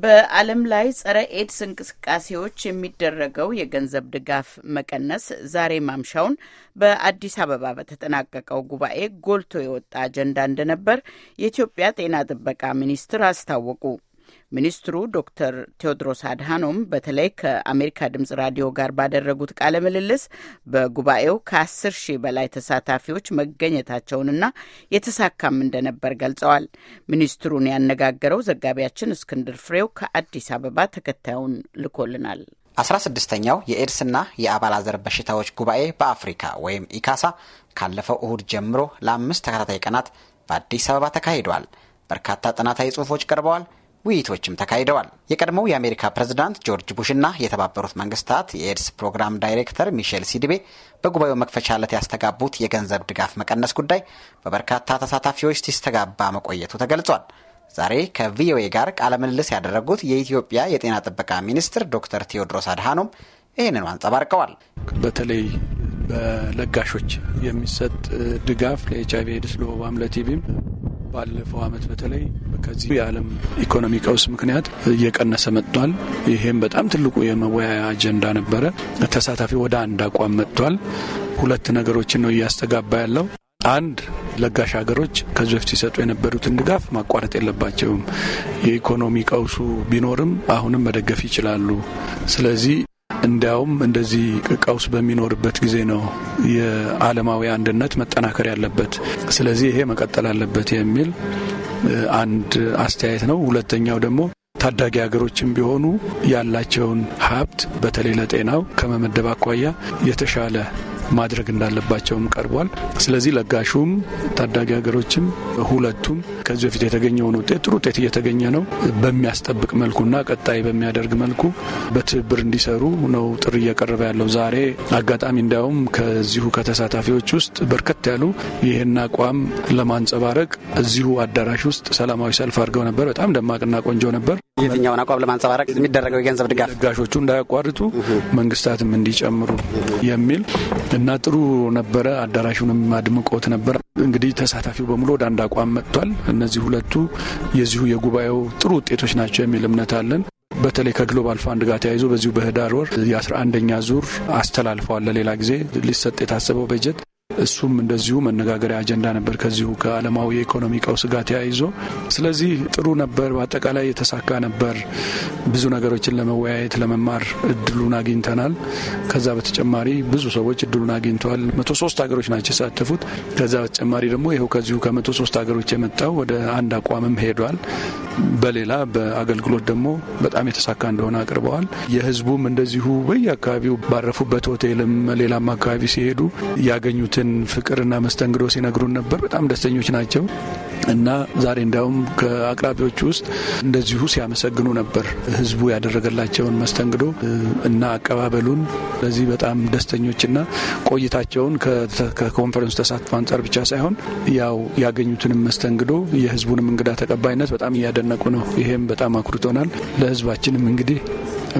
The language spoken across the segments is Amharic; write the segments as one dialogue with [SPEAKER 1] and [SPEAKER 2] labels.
[SPEAKER 1] በዓለም ላይ ጸረ ኤድስ እንቅስቃሴዎች የሚደረገው የገንዘብ ድጋፍ መቀነስ ዛሬ ማምሻውን በአዲስ አበባ በተጠናቀቀው ጉባኤ ጎልቶ የወጣ አጀንዳ እንደነበር የኢትዮጵያ ጤና ጥበቃ ሚኒስትር አስታወቁ። ሚኒስትሩ ዶክተር ቴዎድሮስ አድሃኖም በተለይ ከአሜሪካ ድምጽ ራዲዮ ጋር ባደረጉት ቃለ ምልልስ በጉባኤው ከአስር ሺህ በላይ ተሳታፊዎች መገኘታቸውንና የተሳካም እንደነበር ገልጸዋል። ሚኒስትሩን ያነጋገረው ዘጋቢያችን እስክንድር ፍሬው ከአዲስ አበባ ተከታዩን ልኮልናል። አስራ ስድስተኛው የኤድስና
[SPEAKER 2] የአባል አዘር በሽታዎች ጉባኤ በአፍሪካ ወይም ኢካሳ ካለፈው እሁድ ጀምሮ ለአምስት ተከታታይ ቀናት በአዲስ አበባ ተካሂዷል። በርካታ ጥናታዊ ጽሑፎች ቀርበዋል። ውይይቶችም ተካሂደዋል። የቀድሞው የአሜሪካ ፕሬዝዳንት ጆርጅ ቡሽ እና የተባበሩት መንግስታት የኤድስ ፕሮግራም ዳይሬክተር ሚሼል ሲድቤ በጉባኤው መክፈቻ ዕለት ያስተጋቡት የገንዘብ ድጋፍ መቀነስ ጉዳይ በበርካታ ተሳታፊዎች ሲስተጋባ መቆየቱ ተገልጿል። ዛሬ ከቪኦኤ ጋር ቃለ ምልልስ ያደረጉት የኢትዮጵያ የጤና ጥበቃ ሚኒስትር ዶክተር ቴዎድሮስ አድሃኖም ይህንኑ አንጸባርቀዋል።
[SPEAKER 3] በተለይ በለጋሾች የሚሰጥ ድጋፍ ለኤች አይቪ ኤድስ፣ ለወባም፣ ለቲቢም ባለፈው ዓመት በተለይ ከዚህ የዓለም ኢኮኖሚ ቀውስ ምክንያት እየቀነሰ መጥቷል። ይሄም በጣም ትልቁ የመወያያ አጀንዳ ነበረ። ተሳታፊ ወደ አንድ አቋም መጥቷል። ሁለት ነገሮችን ነው እያስተጋባ ያለው። አንድ ለጋሽ ሀገሮች ከዚህ በፊት ሲሰጡ የነበሩትን ድጋፍ ማቋረጥ የለባቸውም። የኢኮኖሚ ቀውሱ ቢኖርም አሁንም መደገፍ ይችላሉ። ስለዚህ እንዲያውም እንደዚህ ቀውስ በሚኖርበት ጊዜ ነው የዓለማዊ አንድነት መጠናከር ያለበት። ስለዚህ ይሄ መቀጠል አለበት የሚል አንድ አስተያየት ነው። ሁለተኛው ደግሞ ታዳጊ ሀገሮችም ቢሆኑ ያላቸውን ሀብት በተለይ ለጤናው ከመመደብ አኳያ የተሻለ ማድረግ እንዳለባቸውም ቀርቧል። ስለዚህ ለጋሹም ታዳጊ ሀገሮችም ሁለቱም ከዚህ በፊት የተገኘውን ውጤት ጥሩ ውጤት እየተገኘ ነው በሚያስጠብቅ መልኩና ቀጣይ በሚያደርግ መልኩ በትብብር እንዲሰሩ ነው ጥሪ እየቀረበ ያለው። ዛሬ አጋጣሚ እንዲያውም ከዚሁ ከተሳታፊዎች ውስጥ በርከት ያሉ ይህን አቋም ለማንጸባረቅ እዚሁ አዳራሽ ውስጥ ሰላማዊ ሰልፍ አድርገው ነበር። በጣም ደማቅና ቆንጆ ነበር።
[SPEAKER 2] የትኛውን አቋም ለማንጸባረቅ የሚደረገው የገንዘብ ድጋፍ ለጋሾቹ እንዳያቋርጡ
[SPEAKER 3] መንግስታትም እንዲጨምሩ የሚል እና ጥሩ ነበረ። አዳራሹንም አድምቆት ነበር። እንግዲህ ተሳታፊው በሙሉ ወደ አንድ አቋም መጥቷል። እነዚህ ሁለቱ የዚሁ የጉባኤው ጥሩ ውጤቶች ናቸው የሚል እምነት አለን። በተለይ ከግሎባል ፋንድ ጋር ተያይዞ በዚሁ በህዳር ወር የ11ኛ ዙር አስተላልፈዋል። ለሌላ ጊዜ ሊሰጥ የታሰበው በጀት እሱም እንደዚሁ መነጋገሪያ አጀንዳ ነበር ከዚሁ ከዓለማዊ የኢኮኖሚ ቀውስ ጋር ተያይዞ። ስለዚህ ጥሩ ነበር፣ በአጠቃላይ የተሳካ ነበር። ብዙ ነገሮችን ለመወያየት ለመማር እድሉን አግኝተናል። ከዛ በተጨማሪ ብዙ ሰዎች እድሉን አግኝተዋል። መቶ ሶስት ሀገሮች ናቸው የተሳተፉት። ከዛ በተጨማሪ ደግሞ ይኸው ከዚሁ ከመቶ ሶስት ሀገሮች የመጣው ወደ አንድ አቋምም ሄዷል። በሌላ በአገልግሎት ደግሞ በጣም የተሳካ እንደሆነ አቅርበዋል። የህዝቡም እንደዚሁ በየአካባቢው ባረፉበት ሆቴልም ሌላም አካባቢ ሲሄዱ ያገኙት ያገኙትን ፍቅርና መስተንግዶ ሲነግሩን ነበር። በጣም ደስተኞች ናቸው። እና ዛሬ እንዲያውም ከአቅራቢዎች ውስጥ እንደዚሁ ሲያመሰግኑ ነበር ህዝቡ ያደረገላቸውን መስተንግዶ እና አቀባበሉን። ለዚህ በጣም ደስተኞችና ቆይታቸውን ከኮንፈረንሱ ተሳትፎ አንጻር ብቻ ሳይሆን ያው ያገኙትንም መስተንግዶ የህዝቡንም እንግዳ ተቀባይነት በጣም እያደነቁ ነው። ይሄም በጣም አኩርቶናል። ለህዝባችንም እንግዲህ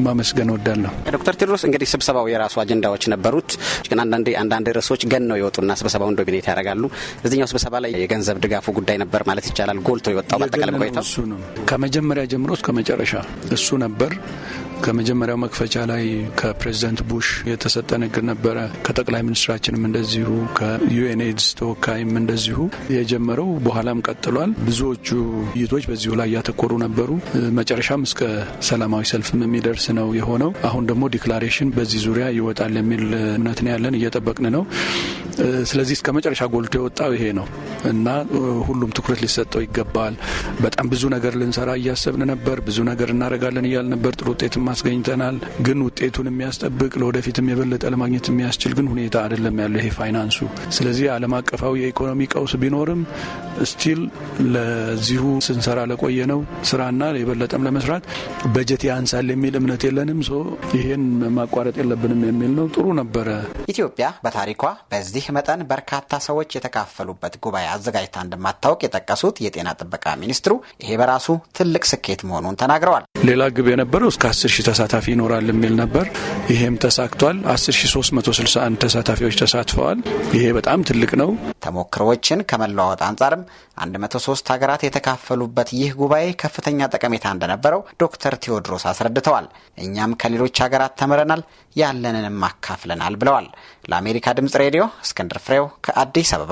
[SPEAKER 3] ማመስገን ወዳለሁ።
[SPEAKER 2] ዶክተር ቴድሮስ እንግዲህ ስብሰባው የራሱ አጀንዳዎች ነበሩት፣ ግን አንዳንድ ርዕሶች ገን ነው የወጡና ስብሰባውን ዶሚኔት ያደርጋሉ። እዚኛው ስብሰባ ላይ የገንዘብ ድጋፉ ጉዳይ ነበር ነበር ማለት ይቻላል ጎልቶ የወጣው። በአጠቃላይ ቆይታ
[SPEAKER 3] እሱ ነው ከመጀመሪያ ጀምሮ እስከ መጨረሻ እሱ ነበር። ከመጀመሪያው መክፈቻ ላይ ከፕሬዚደንት ቡሽ የተሰጠ ንግግር ነበረ። ከጠቅላይ ሚኒስትራችንም እንደዚሁ ኤድስ ተወካይም እንደዚሁ የጀመረው በኋላም ቀጥሏል። ብዙዎቹ ውይይቶች በዚሁ ላይ ያተኮሩ ነበሩ። መጨረሻም እስከ ሰላማዊ ሰልፍም የሚደርስ ነው የሆነው። አሁን ደግሞ ዲክላሬሽን በዚህ ዙሪያ ይወጣል የሚል እምነት ነው ያለን፣ እየጠበቅን ነው። ስለዚህ እስከ መጨረሻ ጎልቶ የወጣው ይሄ ነው እና ሁሉም ትኩረት ሊሰጠው ይገባል። በጣም ብዙ ነገር ልንሰራ እያሰብን ነበር፣ ብዙ ነገር እናደርጋለን እያል ነበር። ጥሩ ውጤትም አስገኝተናል። ግን ውጤቱን የሚያስጠብቅ ለወደፊትም የበለጠ ለማግኘት የሚያስችል ግን ሁኔታ አይደለም ያለው ይሄ ፋይናንሱ። ስለዚህ ዓለም አቀፋዊ የኢኮኖሚ ቀውስ ቢኖርም ስቲል ለዚሁ ስንሰራ ለቆየ ነው ስራና የበለጠም ለመስራት በጀት ያንሳል የሚል እምነት የለንም። ሶ ይሄን ማቋረጥ የለብንም የሚል ነው። ጥሩ ነበረ።
[SPEAKER 2] ኢትዮጵያ በታሪኳ በዚህ መጠን በርካታ
[SPEAKER 3] ሰዎች የተካፈሉበት ጉባኤ
[SPEAKER 2] አዘጋጅታ እንደማታወቅ የጠቀሱት የጤና ጥበቃ ሚኒስትሩ ይሄ በራሱ ትልቅ ስኬት መሆኑን ተናግረዋል።
[SPEAKER 3] ሌላ ግብ የነበረው እስከ አስር ሺህ ተሳታፊ ይኖራል የሚል ነበር። ነበር። ይሄም ተሳክቷል። 10361 ተሳታፊዎች ተሳትፈዋል። ይሄ በጣም ትልቅ ነው። ተሞክሮዎችን ከመለዋወጥ
[SPEAKER 2] አንጻርም 103 ሀገራት የተካፈሉበት ይህ ጉባኤ ከፍተኛ ጠቀሜታ እንደነበረው ዶክተር ቴዎድሮስ አስረድተዋል። እኛም ከሌሎች ሀገራት ተምረናል፣ ያለንንም አካፍለናል ብለዋል። ለአሜሪካ ድምጽ ሬዲዮ እስክንድር ፍሬው ከአዲስ አበባ